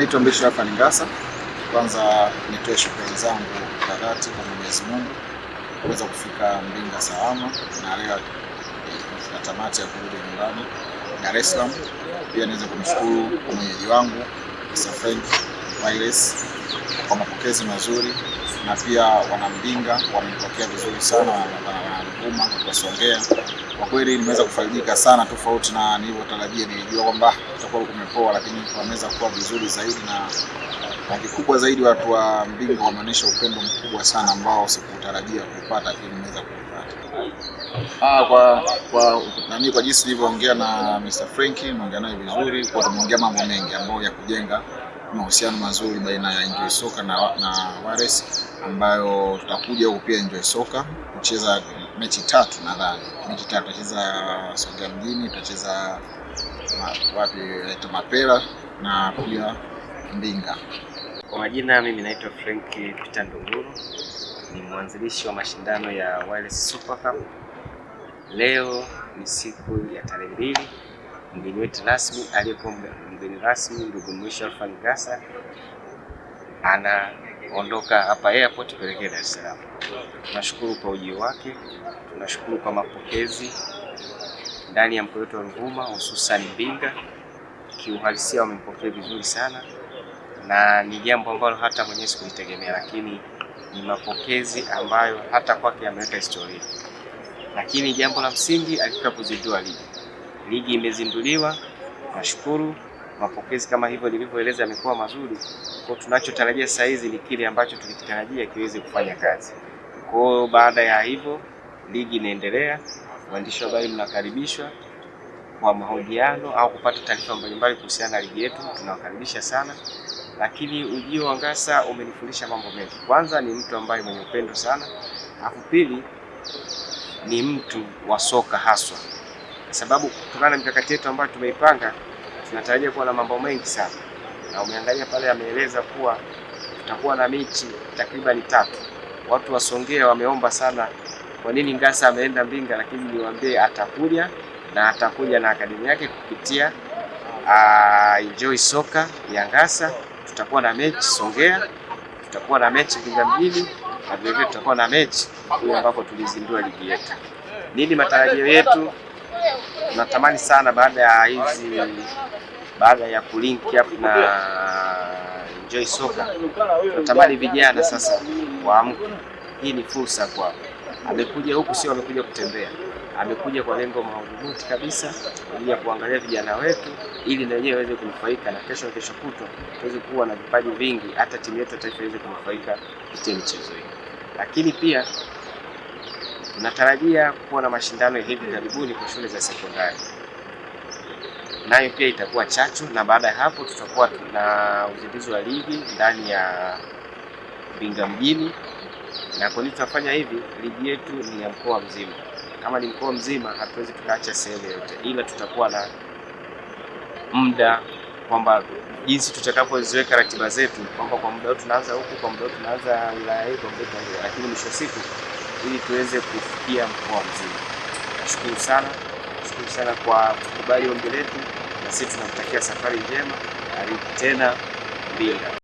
Naitwa Rafa Ningasa. Kwanza nitoe shukrani zangu za dhati kwa Mwenyezi Mungu kuweza kufika Mbinga salama na leo eh, na tamati ya kurudi nyumbani Dar es Salaam. Pia niweze kumshukuru mwenyeji wangu Mr. Frank Wireless kwa mapokezi mazuri na pia wanambinga wamepokea vizuri sana, wanamvuma kuwasongea. Kwa kweli nimeweza kufaidika sana, tofauti na nilivyotarajia. Nilijua kwamba itakuwa kumepoa, lakini wameweza kuwa vizuri zaidi, na na kikubwa zaidi, watu wa Mbinga wameonyesha upendo mkubwa sana ambao sikutarajia kupata, lakini nimeweza Ah, kwa kwa nani, kwa jinsi nilivyoongea na Mr. Frankie, naongea naye vizuri, kwa tumeongea mambo mengi ambayo ya kujenga mahusiano mazuri baina ya Enjoy Soka na, na Wares ambayo tutakuja huko pia Enjoy Soka kucheza mechi tatu nadhani. Mechi tatu tutacheza Songea mjini, tutacheza wapi aita Mapera na pia Mbinga. Kwa majina mimi naitwa Frank Peter Ndunguru, ni mwanzilishi wa mashindano ya Wales Super Cup. Leo ni siku ya tarehe mbili mgeni wetu rasmi aliyekuwa mgeni rasmi ndugu Mwisho Alfan Gasa anaondoka hapa airport kuelekea Dar es Salaam. Tunashukuru kwa ujio wake, tunashukuru kwa mapokezi ndani ya mkoa wetu wa Ruvuma hususan Mbinga. Kiuhalisia wamempokea vizuri sana, na ni jambo ambalo hata mwenyewe sikulitegemea, lakini ni mapokezi ambayo hata kwake ameweka historia. Lakini jambo la msingi alifika kuzindua ligi ligi imezinduliwa, nashukuru. Mapokezi kama hivyo nilivyoeleza yamekuwa mazuri, kwa tunachotarajia sasa hizi ni kile ambacho tulikitarajia kiweze kufanya kazi. Kwa baada ya hivyo ligi inaendelea, waandishi wa habari mnakaribishwa kwa mahojiano au kupata taarifa mbalimbali kuhusiana na ligi yetu, tunawakaribisha sana. Lakini ujio wa Ngasa umenifundisha mambo mengi. Kwanza ni mtu ambaye mwenye upendo sana, alafu pili ni mtu wa soka haswa kwa sababu kutokana na mikakati yetu ambayo tumeipanga tunatarajia kuwa na mambo mengi sana, na umeangalia pale ameeleza kuwa tutakuwa na mechi takriban tatu. Watu wasongea wameomba sana, kwa nini Ngasa ameenda Mbinga? Lakini niwaambie atakuja na atakuja na akademi yake kupitia uh, Enjoy Soka ya Ngasa. Tutakuwa na mechi Songea, tutakuwa na mechi Mbinga mjini na vilevile tutakuwa na mechi kule ambako tulizindua ligi yetu. Nini matarajio yetu? Natamani sana baada ya hizi baada ya kulink up na Joy Soka, natamani vijana sasa waamke. Hii ni fursa kwao. Amekuja huku sio amekuja kutembea, amekuja kwa lengo mahubuti kabisa ili ya kuangalia vijana wetu, ili na wenyewe waweze kunufaika na kesho na kesho kutwa tuweze kuwa na vipaji vingi, hata timu yetu ya taifa iweze kunufaika kupitia michezo hii, lakini pia Tunatarajia kuwa na mashindano ya hivi karibuni kwa shule za sekondari, nayo pia itakuwa chachu, na baada ya hapo tutakuwa na uzinduzi wa ligi ndani ya Mbinga mjini, na kwa nini tunafanya hivi? Ligi yetu ni ya mkoa mzima. Kama ni mkoa mzima, hatuwezi tukaacha sehemu yoyote, ila tutakuwa na muda kwamba jinsi tutakapoziweka ratiba zetu kwamba kwa muda huu tunaanza huku, kwa muda huu tunaanza wilaya hii, kwa muda huu, lakini mwisho siku ili tuweze kufikia mkoa mzima. Nashukuru sana, nashukuru sana kwa kukubali ombi letu, na sisi tunamtakia safari njema. Karibu tena Mbinga.